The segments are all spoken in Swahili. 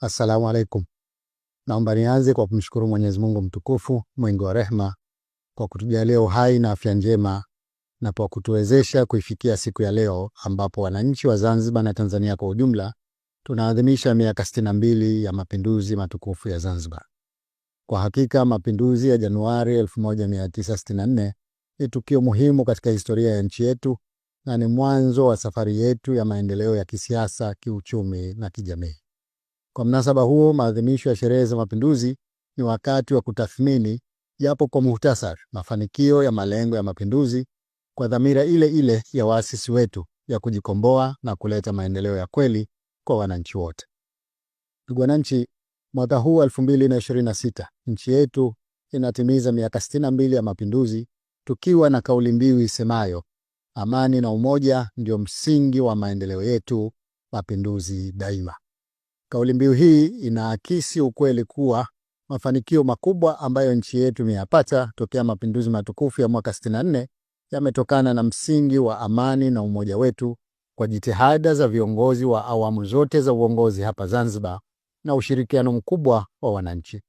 Assalamu alaikum. Naomba nianze kwa kumshukuru Mwenyezi Mungu mtukufu mwingi wa rehma kwa kutujalia uhai na afya njema na kwa kutuwezesha kuifikia siku ya leo ambapo wananchi wa Zanzibar na Tanzania kwa ujumla tunaadhimisha miaka 62 ya mapinduzi matukufu ya Zanzibar. Kwa hakika mapinduzi ya Januari 1964 ni tukio muhimu katika historia ya nchi yetu na ni mwanzo wa safari yetu ya maendeleo ya kisiasa, kiuchumi na kijamii. Kwa mnasaba huo, maadhimisho ya sherehe za Mapinduzi ni wakati wa kutathmini, japo kwa muhtasari, mafanikio ya malengo ya mapinduzi kwa dhamira ile ile ya waasisi wetu ya kujikomboa na kuleta maendeleo ya kweli kwa wananchi wote. Ndugu wananchi, mwaka huu 2026 nchi yetu inatimiza miaka 62 ya mapinduzi tukiwa na kauli mbiu isemayo amani na umoja ndio msingi wa maendeleo yetu, mapinduzi daima. Kauli mbiu hii inaakisi ukweli kuwa mafanikio makubwa ambayo nchi yetu imeyapata tokea mapinduzi matukufu ya mwaka 64 yametokana na msingi wa amani na umoja wetu kwa jitihada za viongozi wa awamu zote za uongozi hapa Zanzibar na ushirikiano mkubwa wa wananchi.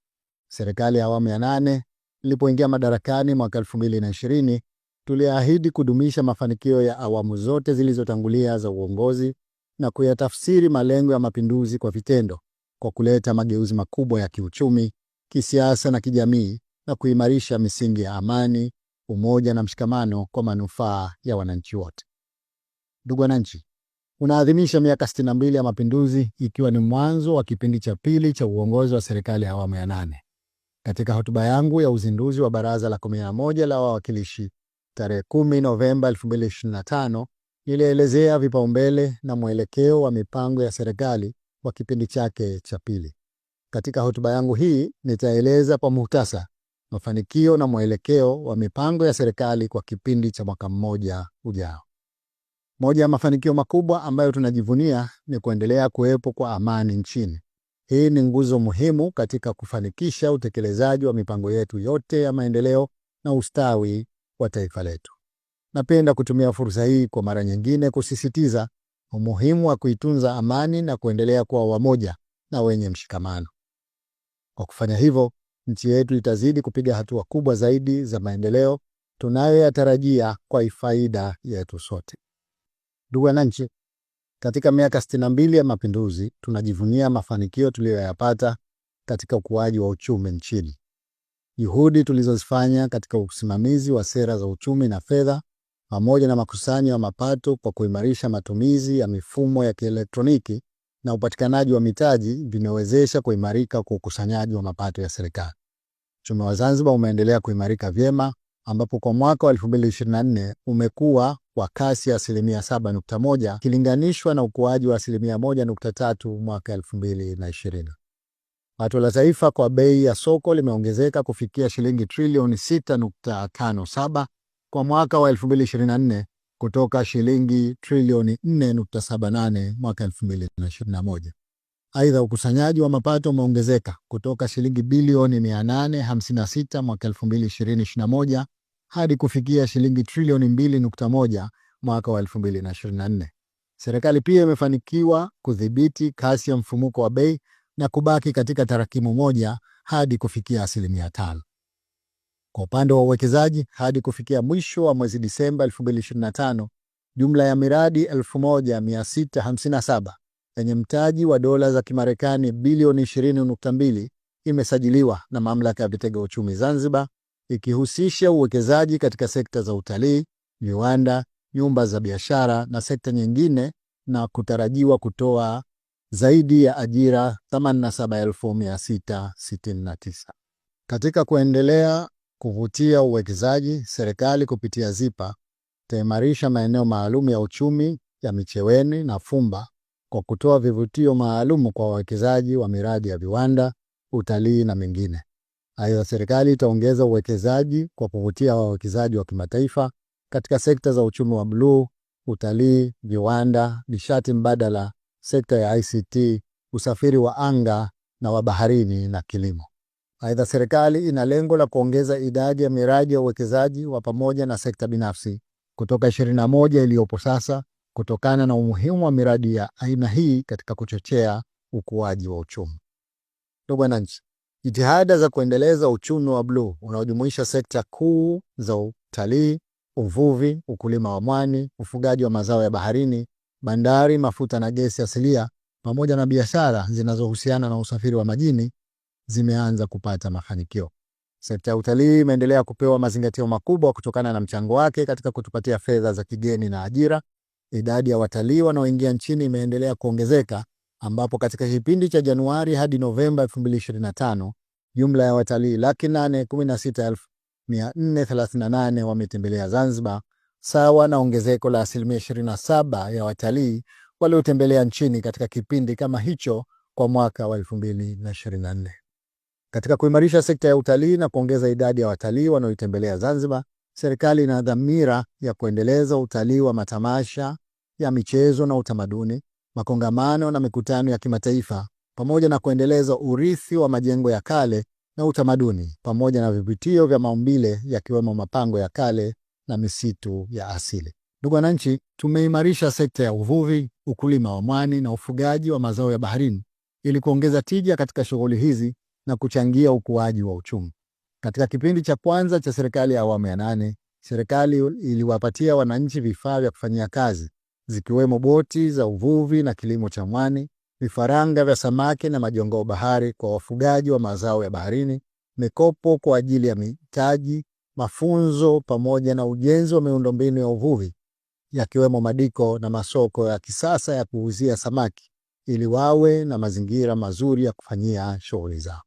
Serikali ya awamu ya nane ilipoingia madarakani mwaka 2020, tuliahidi kudumisha mafanikio ya awamu zote zilizotangulia za uongozi na kuyatafsiri malengo ya mapinduzi kwa vitendo kwa kuleta mageuzi makubwa ya kiuchumi, kisiasa na kijamii na kuimarisha misingi ya amani, umoja na mshikamano kwa manufaa ya wananchi wote. Ndugu wananchi, unaadhimisha miaka 62 ya mapinduzi ikiwa ni mwanzo wa kipindi cha pili cha uongozi wa serikali ya awamu ya nane. Katika hotuba yangu ya uzinduzi wa Baraza la 11 la Wawakilishi tarehe 10 Novemba Nilielezea vipaumbele na mwelekeo wa mipango ya serikali kwa kipindi chake cha pili. Katika hotuba yangu hii nitaeleza kwa muhtasa mafanikio na mwelekeo wa mipango ya serikali kwa kipindi cha mwaka mmoja ujao. Moja ya mafanikio makubwa ambayo tunajivunia ni kuendelea kuwepo kwa amani nchini. Hii ni nguzo muhimu katika kufanikisha utekelezaji wa mipango yetu yote ya maendeleo na ustawi wa taifa letu. Napenda kutumia fursa hii kwa mara nyingine kusisitiza umuhimu wa kuitunza amani na kuendelea kuwa wamoja na wenye mshikamano. Kwa kufanya hivyo, nchi yetu itazidi kupiga hatua kubwa zaidi za maendeleo tunayoyatarajia kwa faida yetu sote. Ndugu wananchi, katika miaka 62 ya mapinduzi tunajivunia mafanikio tuliyoyapata katika ukuaji wa uchumi nchini. Juhudi tulizozifanya katika usimamizi wa sera za uchumi na fedha pamoja na makusanyo ya mapato kwa kuimarisha matumizi ya mifumo ya kielektroniki na upatikanaji wa mitaji vimewezesha kuimarika kwa ukusanyaji wa mapato ya serikali. Uchumi wa Zanzibar umeendelea kuimarika vyema ambapo kwa mwaka wa 2024 umekuwa kwa kasi ya asilimia 7.1 ikilinganishwa na ukuaji wa asilimia 1.3 mwaka 2020. Pato la taifa kwa bei ya soko limeongezeka kufikia shilingi trilioni 6.57 kwa mwaka wa 2024 kutoka shilingi trilioni 4.78 mwaka 2021. Aidha, ukusanyaji wa mapato umeongezeka kutoka shilingi bilioni 856 mwaka 2021 hadi kufikia shilingi trilioni 2.1 mwaka wa 2024. Serikali pia imefanikiwa kudhibiti kasi ya mfumuko wa bei na kubaki katika tarakimu moja hadi kufikia asilimia tano. Kwa upande wa uwekezaji, hadi kufikia mwisho wa mwezi Disemba 2025, jumla ya miradi 1657 yenye mtaji wa dola za Kimarekani bilioni 20.2 imesajiliwa na Mamlaka ya Vitega Uchumi Zanzibar, ikihusisha uwekezaji katika sekta za utalii, viwanda, nyumba za biashara na sekta nyingine, na kutarajiwa kutoa zaidi ya ajira 87,669. Katika kuendelea kuvutia uwekezaji, serikali kupitia ZIPA itaimarisha maeneo maalum ya uchumi ya Micheweni na Fumba kwa kutoa vivutio maalum kwa wawekezaji wa miradi ya viwanda, utalii na mingine. Aidha, serikali itaongeza uwekezaji kwa kuvutia wawekezaji wa kimataifa katika sekta za uchumi wa bluu, utalii, viwanda, nishati mbadala, sekta ya ICT, usafiri wa anga na wa baharini na kilimo. Aidha, serikali ina lengo la kuongeza idadi ya miradi ya uwekezaji wa pamoja na sekta binafsi kutoka 21 iliyopo sasa kutokana na umuhimu wa miradi ya aina hii katika kuchochea ukuaji wa uchumi. Ndugu wananchi, jitihada za kuendeleza uchumi wa bluu unaojumuisha sekta kuu za utalii, uvuvi, ukulima wa mwani, ufugaji wa mazao ya baharini, bandari, mafuta na gesi asilia pamoja na biashara zinazohusiana na usafiri wa majini zimeanza kupata mafanikio. Sekta ya utalii imeendelea kupewa mazingatio makubwa kutokana na mchango wake katika kutupatia fedha za kigeni na ajira. Idadi ya watalii wanaoingia nchini imeendelea kuongezeka ambapo katika kipindi cha Januari hadi Novemba 2025 jumla ya watalii laki nane kumi na sita elfu mia nne thelathini na nane wametembelea Zanzibar, sawa na ongezeko la asilimia 27 ya watalii waliotembelea nchini katika kipindi kama hicho kwa mwaka wa 2024. Katika kuimarisha sekta ya utalii na kuongeza idadi ya watalii wanaoitembelea Zanzibar, serikali ina dhamira ya kuendeleza utalii wa matamasha ya michezo na utamaduni, makongamano na mikutano ya kimataifa, pamoja na kuendeleza urithi wa majengo ya kale na utamaduni pamoja na vivutio vya maumbile yakiwemo mapango ya kale na misitu ya asili. Ndugu wananchi, tumeimarisha sekta ya uvuvi, ukulima wa mwani na ufugaji wa mazao ya baharini ili kuongeza tija katika shughuli hizi na kuchangia ukuaji wa uchumi. Katika kipindi cha kwanza cha serikali ya awamu ya nane, serikali iliwapatia wananchi vifaa vya kufanyia kazi zikiwemo boti za uvuvi na kilimo cha mwani, vifaranga vya samaki na majongoo bahari kwa wafugaji wa mazao ya baharini, mikopo kwa ajili ya mitaji, mafunzo pamoja na ujenzi wa miundombinu ya uvuvi yakiwemo madiko na masoko ya kisasa ya kuuzia samaki ili wawe na mazingira mazuri ya kufanyia shughuli zao.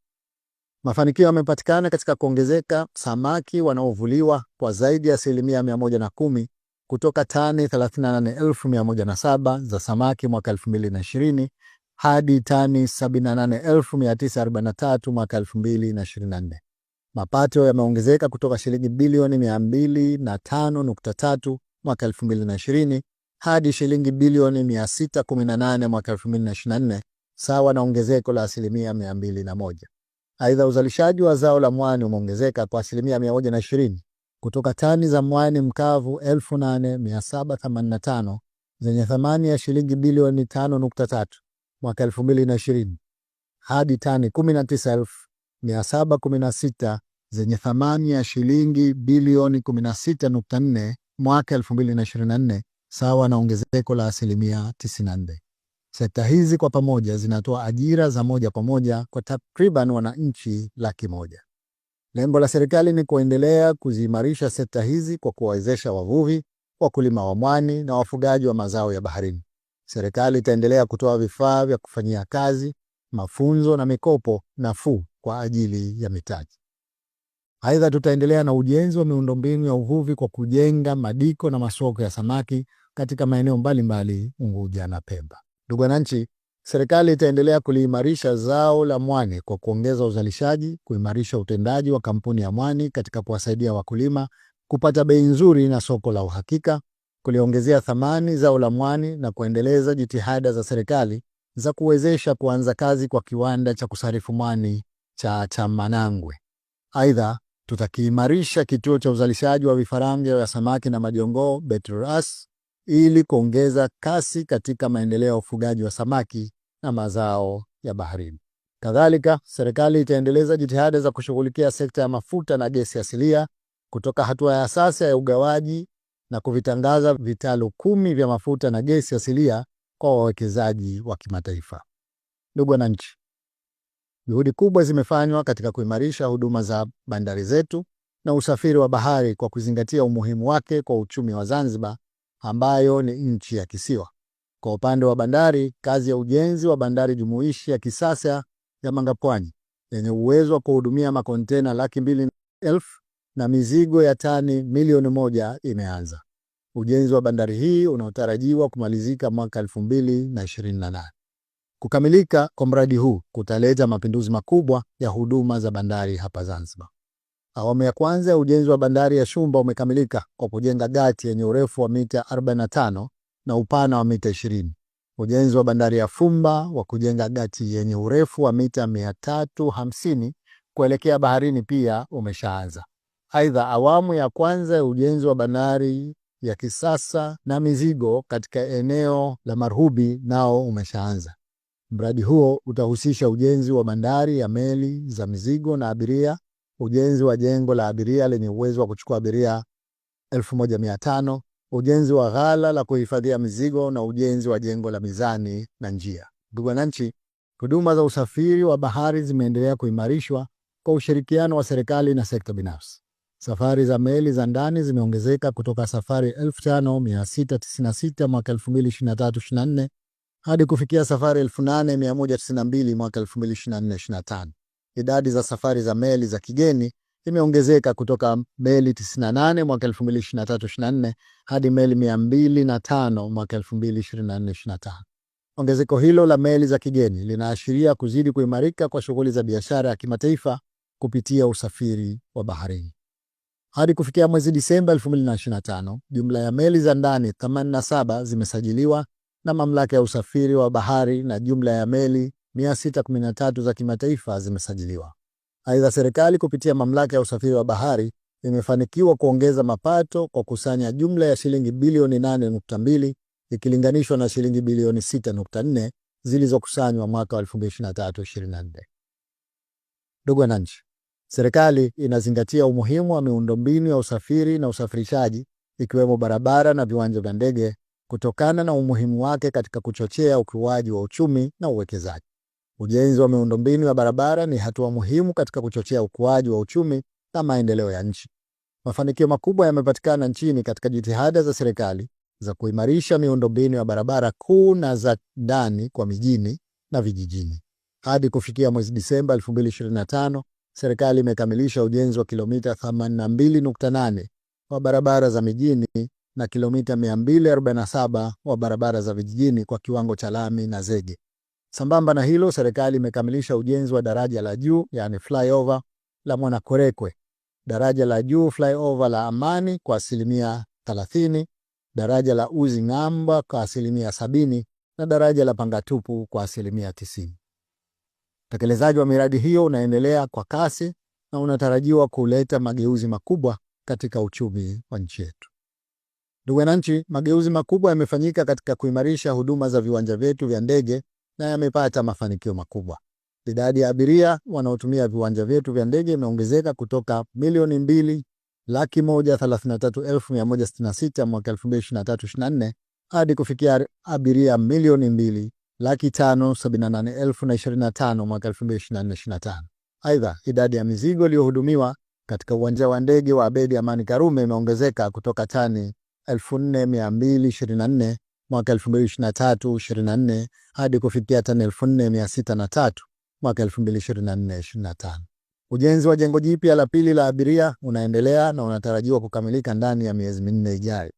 Mafanikio yamepatikana katika kuongezeka samaki wanaovuliwa kwa zaidi ya asilimia 110 kutoka tani 38,107 za samaki mwaka 2020 hadi tani 78,943 mwaka 2024. Mapato yameongezeka kutoka shilingi bilioni 205.3 mwaka 2020 hadi shilingi bilioni 618 mwaka 2024, sawa na ongezeko la asilimia 201. Aidha, uzalishaji wa zao la mwani umeongezeka kwa asilimia 120 kutoka tani za mwani mkavu 8785 zenye thamani ya shilingi bilioni 5.3 mwaka 2020 hadi tani 19716 zenye thamani ya shilingi bilioni 16.4 mwaka 2024 sawa na ongezeko la asilimia 94. Sekta hizi kwa pamoja zinatoa ajira za moja kwa moja kwa takriban wananchi laki moja. Lengo la serikali ni kuendelea kuziimarisha sekta hizi kwa kuwawezesha wavuvi, wakulima wa mwani na wafugaji wa mazao ya baharini. Serikali itaendelea kutoa vifaa vya kufanyia kazi, mafunzo na mikopo nafuu kwa ajili ya mitaji. Aidha, tutaendelea na ujenzi wa miundombinu ya uvuvi kwa kujenga madiko na masoko ya samaki katika maeneo mbalimbali Unguja na Pemba. Ndugu wananchi, serikali itaendelea kuliimarisha zao la mwani kwa kuongeza uzalishaji, kuimarisha utendaji wa kampuni ya mwani katika kuwasaidia wakulima kupata bei nzuri na soko la uhakika, kuliongezea thamani zao la mwani na kuendeleza jitihada za serikali za kuwezesha kuanza kazi kwa kiwanda cha kusarifu mwani cha Chamanangwe. Aidha, tutakiimarisha kituo cha uzalishaji wa vifaranga vya samaki na majongoo Betras ili kuongeza kasi katika maendeleo ya ufugaji wa samaki na mazao ya baharini. Kadhalika, serikali itaendeleza jitihada za kushughulikia sekta ya mafuta na gesi asilia kutoka hatua ya sasa ya ugawaji na kuvitangaza vitalu kumi vya mafuta na gesi asilia kwa wawekezaji wa kimataifa. Ndugu wananchi, juhudi kubwa zimefanywa katika kuimarisha huduma za bandari zetu na usafiri wa bahari kwa kuzingatia umuhimu wake kwa uchumi wa Zanzibar ambayo ni nchi ya kisiwa. Kwa upande wa bandari, kazi ya ujenzi wa bandari jumuishi ya kisasa ya Mangapwani yenye uwezo wa kuhudumia makontena laki mbili elfu na mizigo ya tani milioni moja imeanza. Ujenzi wa bandari hii unaotarajiwa kumalizika mwaka 2028. Kukamilika kwa mradi huu kutaleta mapinduzi makubwa ya huduma za bandari hapa Zanzibar. Awamu ya kwanza ya ujenzi wa bandari ya Shumba umekamilika kwa kujenga gati yenye urefu wa mita 45 na upana wa mita 20. Ujenzi wa bandari ya Fumba wa kujenga gati yenye urefu wa mita 350 kuelekea baharini pia umeshaanza. Aidha, awamu ya kwanza ya ujenzi wa bandari ya kisasa na mizigo katika eneo la Marhubi nao umeshaanza. Mradi huo utahusisha ujenzi wa bandari ya meli za mizigo na abiria ujenzi wa jengo la abiria lenye uwezo wa kuchukua abiria 1500, ujenzi wa ghala la kuhifadhia mizigo na ujenzi wa jengo la mizani na njia. Ndugu wananchi, huduma za usafiri wa bahari zimeendelea kuimarishwa kwa ushirikiano wa serikali na sekta binafsi. Safari za meli za ndani zimeongezeka kutoka safari 5696 mwaka 2023/24 hadi kufikia safari 8192 mwaka 2024/25 idadi za safari za meli za kigeni imeongezeka kutoka meli 98 mwaka 2023-24 hadi meli 205 mwaka 2024-25. Ongezeko hilo la meli za kigeni linaashiria kuzidi kuimarika kwa shughuli za biashara ya kimataifa kupitia usafiri wa baharini. Hadi kufikia mwezi Disemba 2025, jumla ya meli za ndani 87 zimesajiliwa na Mamlaka ya Usafiri wa Bahari na jumla ya meli 1000 613 za kimataifa zimesajiliwa. Aidha, serikali kupitia mamlaka ya usafiri wa bahari imefanikiwa kuongeza mapato kwa kusanya jumla ya shilingi bilioni 8.2 ikilinganishwa na shilingi bilioni 6.4 zilizokusanywa mwaka wa 2023-2024. Ndugu wananchi, serikali inazingatia umuhimu wa miundombinu ya usafiri na usafirishaji ikiwemo barabara na viwanja vya ndege kutokana na umuhimu wake katika kuchochea ukuaji wa uchumi na uwekezaji. Ujenzi wa miundombinu ya barabara ni hatua muhimu katika kuchochea ukuaji wa uchumi na maendeleo ya nchi. Mafanikio makubwa yamepatikana nchini katika jitihada za serikali za kuimarisha miundombinu ya barabara kuu na za ndani kwa mijini na vijijini. Hadi kufikia mwezi Disemba 2025, serikali imekamilisha ujenzi wa kilomita 82.8 wa barabara za mijini na kilomita 247 wa barabara za vijijini kwa kiwango cha lami na zege. Sambamba na hilo, serikali imekamilisha ujenzi wa daraja la juu yani flyover la Mwanakorekwe, daraja la juu flyover la Amani kwa asilimia 30, daraja la Uzi Ng'amba kwa asilimia 70 na daraja la Pangatupu kwa asilimia 90. Utekelezaji wa miradi hiyo unaendelea kwa kasi na unatarajiwa kuleta mageuzi makubwa katika uchumi wa nchi yetu. Ndugu wananchi, mageuzi makubwa yamefanyika katika kuimarisha huduma za viwanja vyetu vya ndege na yamepata mafanikio makubwa. Idadi ya abiria wanaotumia viwanja vyetu vya ndege imeongezeka kutoka milioni mbili laki moja thelathini na tatu elfu mia moja sitini na sita mwaka elfu mbili ishirini na tatu ishirini na nne hadi kufikia abiria milioni mbili laki tano sabini na nane elfu na ishirini na tano mwaka elfu mbili ishirini na nne ishirini na tano. Aidha, idadi ya mizigo iliyohudumiwa katika uwanja wa ndege wa Abedi Amani Karume imeongezeka kutoka tani elfu nne mia mbili ishirini na nne mwaka 2023 24 hadi kufikia tani 4603 mwaka 2024 25. Ujenzi wa jengo jipya la pili la abiria unaendelea na unatarajiwa kukamilika ndani ya miezi minne ijayo.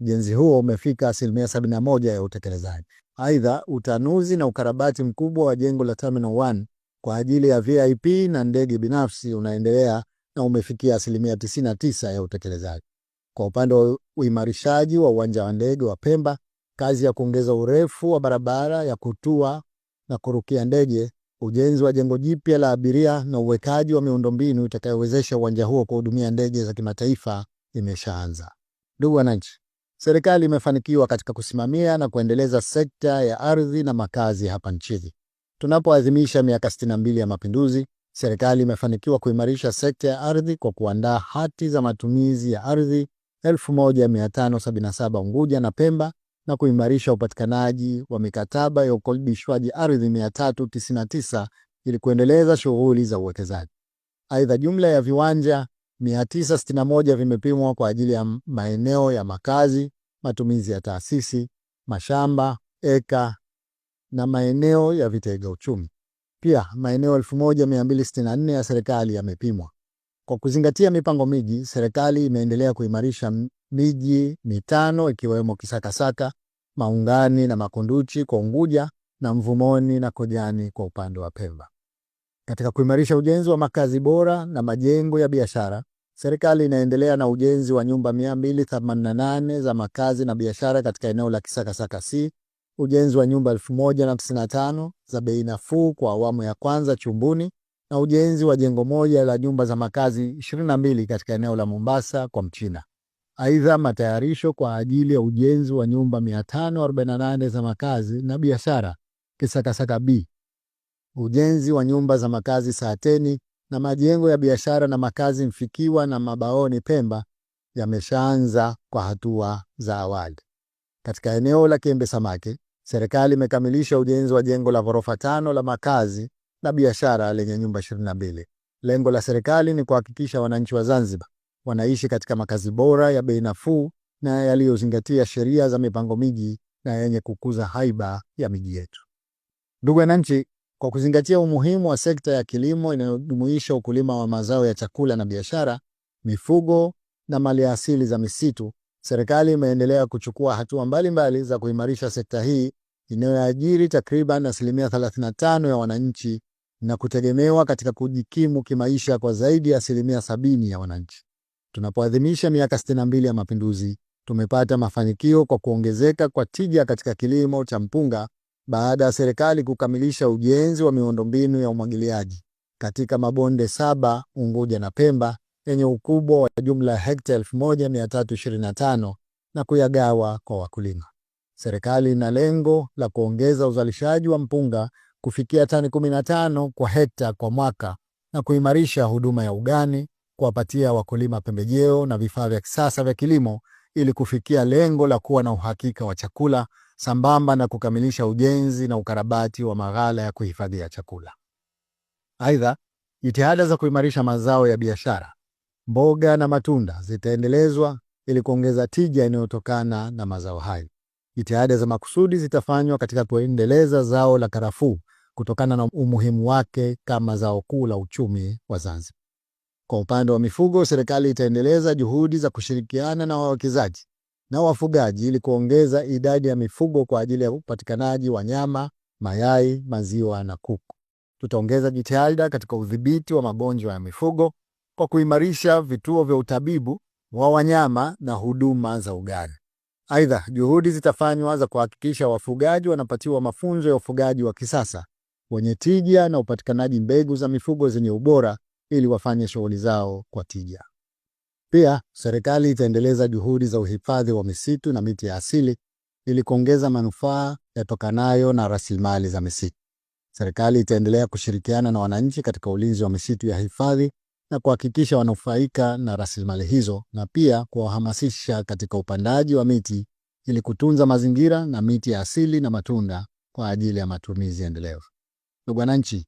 Ujenzi huo umefika asilimia 71 ya utekelezaji. Aidha, utanuzi na ukarabati mkubwa wa jengo la Terminal 1 kwa ajili ya VIP na ndege binafsi unaendelea na umefikia asilimia 99 ya utekelezaji. Kwa upande wa uimarishaji wa uwanja wa ndege wa Pemba, kazi ya kuongeza urefu wa barabara ya kutua na kurukia ndege, ujenzi wa jengo jipya la abiria na uwekaji wa miundombinu itakayowezesha uwanja huo kuhudumia ndege za kimataifa imeshaanza. Ndugu wananchi, serikali imefanikiwa katika kusimamia na kuendeleza sekta ya ardhi na makazi hapa nchini. Tunapoadhimisha miaka 62 ya mapinduzi, serikali imefanikiwa kuimarisha sekta ya ardhi kwa kuandaa hati za matumizi ya ardhi 1577 Unguja na Pemba na kuimarisha upatikanaji wa mikataba ya ukodishwaji ardhi 399 ili kuendeleza shughuli za uwekezaji. Aidha, jumla ya viwanja 961 vimepimwa kwa ajili ya maeneo ya makazi, matumizi ya taasisi, mashamba, eka na maeneo ya vitega uchumi. Pia maeneo 1264 ya serikali yamepimwa. Kwa kuzingatia mipango miji, serikali imeendelea kuimarisha miji mitano ikiwemo Kisakasaka, Maungani na Makunduchi kwa Unguja na Mvumoni na Kojani kwa upande wa Pemba. Katika kuimarisha ujenzi wa makazi bora na majengo ya biashara, serikali inaendelea na ujenzi wa nyumba 288 za makazi na biashara katika eneo la Kisakasaka C, ujenzi wa nyumba 1055 za bei nafuu kwa awamu ya kwanza Chumbuni na ujenzi wa jengo moja la nyumba za makazi 22 katika eneo la Mombasa kwa Mchina. Aidha, matayarisho kwa ajili ya ujenzi wa nyumba 548 za makazi na biashara Kisakasaka B, ujenzi wa nyumba za makazi Saateni na majengo ya biashara na makazi Mfikiwa na Mabaoni Pemba yameshaanza kwa hatua za awali. Katika eneo la Kiembe Samaki, serikali imekamilisha ujenzi wa jengo la ghorofa tano la makazi na biashara lenye nyumba 22. Lengo la serikali ni kuhakikisha wananchi wa Zanzibar wanaishi katika makazi bora ya bei nafuu na yaliyozingatia sheria za mipango miji na yenye kukuza haiba ya miji yetu. Ndugu wananchi, kwa kuzingatia umuhimu wa sekta ya kilimo inayojumuisha ukulima wa mazao ya chakula na biashara, mifugo na mali asili za misitu, serikali imeendelea kuchukua hatua mbalimbali mbali za kuimarisha sekta hii inayoajiri takriban asilimia 35 ya wananchi na kutegemewa katika kujikimu kimaisha kwa zaidi ya asilimia sabini ya wananchi. Tunapoadhimisha miaka 62 ya mapinduzi, tumepata mafanikio kwa kuongezeka kwa tija katika kilimo cha mpunga baada ya serikali kukamilisha ujenzi wa miundombinu ya umwagiliaji katika mabonde saba Unguja na Pemba yenye ukubwa wa jumla hekta 1325 na kuyagawa kwa wakulima. Serikali ina lengo la kuongeza uzalishaji wa mpunga kufikia tani 15 kwa hekta kwa mwaka na kuimarisha huduma ya ugani kuwapatia wakulima pembejeo na vifaa vya kisasa vya kilimo ili kufikia lengo la kuwa na uhakika wa chakula sambamba na kukamilisha ujenzi na ukarabati wa maghala ya kuhifadhia chakula. Aidha, jitihada za kuimarisha mazao ya biashara, mboga na matunda zitaendelezwa ili kuongeza tija inayotokana na mazao hayo. Jitihada za makusudi zitafanywa katika kuendeleza zao la karafuu kutokana na umuhimu wake kama zao kuu la uchumi wa Zanzibar. Kwa upande wa mifugo, serikali itaendeleza juhudi za kushirikiana na wawekezaji na wafugaji ili kuongeza idadi ya mifugo kwa ajili ya upatikanaji wa nyama, mayai, maziwa na kuku. Tutaongeza jitihada katika udhibiti wa magonjwa ya mifugo kwa kuimarisha vituo vya utabibu wa wanyama na huduma za ugani. Aidha, juhudi zitafanywa za kuhakikisha wafugaji wanapatiwa mafunzo ya ufugaji wa kisasa wenye tija na upatikanaji mbegu za mifugo zenye ubora ili wafanye shughuli zao kwa tija. Pia serikali itaendeleza juhudi za uhifadhi wa misitu na miti ya asili ili kuongeza manufaa yatokanayo na rasilimali za misitu. Serikali itaendelea kushirikiana na wananchi katika ulinzi wa misitu ya hifadhi na kuhakikisha wanafaidika na rasilimali hizo na pia kuwahamasisha katika upandaji wa miti ili kutunza mazingira na miti ya asili na matunda kwa ajili ya matumizi endelevu. Ndugu wananchi,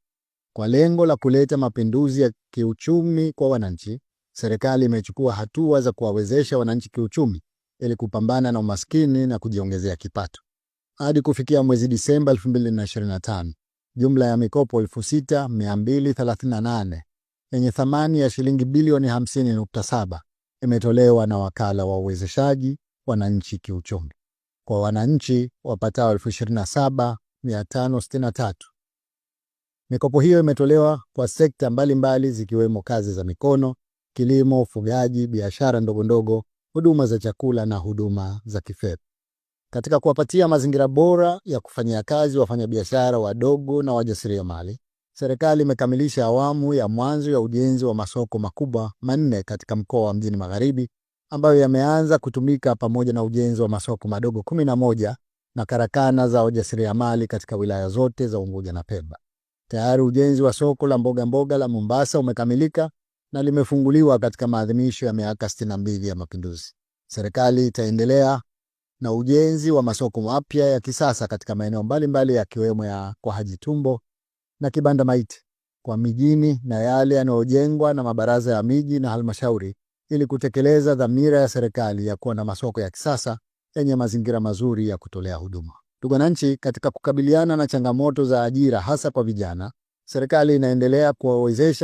kwa lengo la kuleta mapinduzi ya kiuchumi kwa wananchi, serikali imechukua hatua za kuwawezesha wananchi kiuchumi ili kupambana na umaskini na kujiongezea kipato. Hadi kufikia mwezi Disemba 2025, jumla ya mikopo 6238 yenye thamani ya shilingi bilioni 50.7 imetolewa na Wakala wa Uwezeshaji Wananchi Kiuchumi kwa wananchi wapatao 27563 Mikopo hiyo imetolewa kwa sekta mbalimbali zikiwemo kazi za mikono, kilimo, ufugaji, biashara ndogondogo, huduma za chakula na huduma za kifedha. Katika kuwapatia mazingira bora ya kufanyia kazi wafanyabiashara wadogo na wajasiriamali, serikali imekamilisha awamu ya mwanzo ya ujenzi wa masoko makubwa manne katika mkoa wa Mjini Magharibi ambayo yameanza kutumika pamoja na ujenzi wa masoko madogo 11 na karakana za wajasiriamali katika wilaya zote za Unguja na Pemba. Tayari ujenzi wa soko la mboga mboga la Mombasa umekamilika na limefunguliwa katika maadhimisho ya miaka 62 ya Mapinduzi. Serikali itaendelea na ujenzi wa masoko mapya ya kisasa katika maeneo mbalimbali yakiwemo ya kwa Haji Tumbo na Kibanda Maiti kwa mijini na yale yanayojengwa na mabaraza ya miji na halmashauri ili kutekeleza dhamira ya serikali ya kuwa na masoko ya kisasa yenye mazingira mazuri ya kutolea huduma. Ndugu wananchi, katika kukabiliana na changamoto za ajira hasa kwa vijana, serikali inaendelea kuwawezesha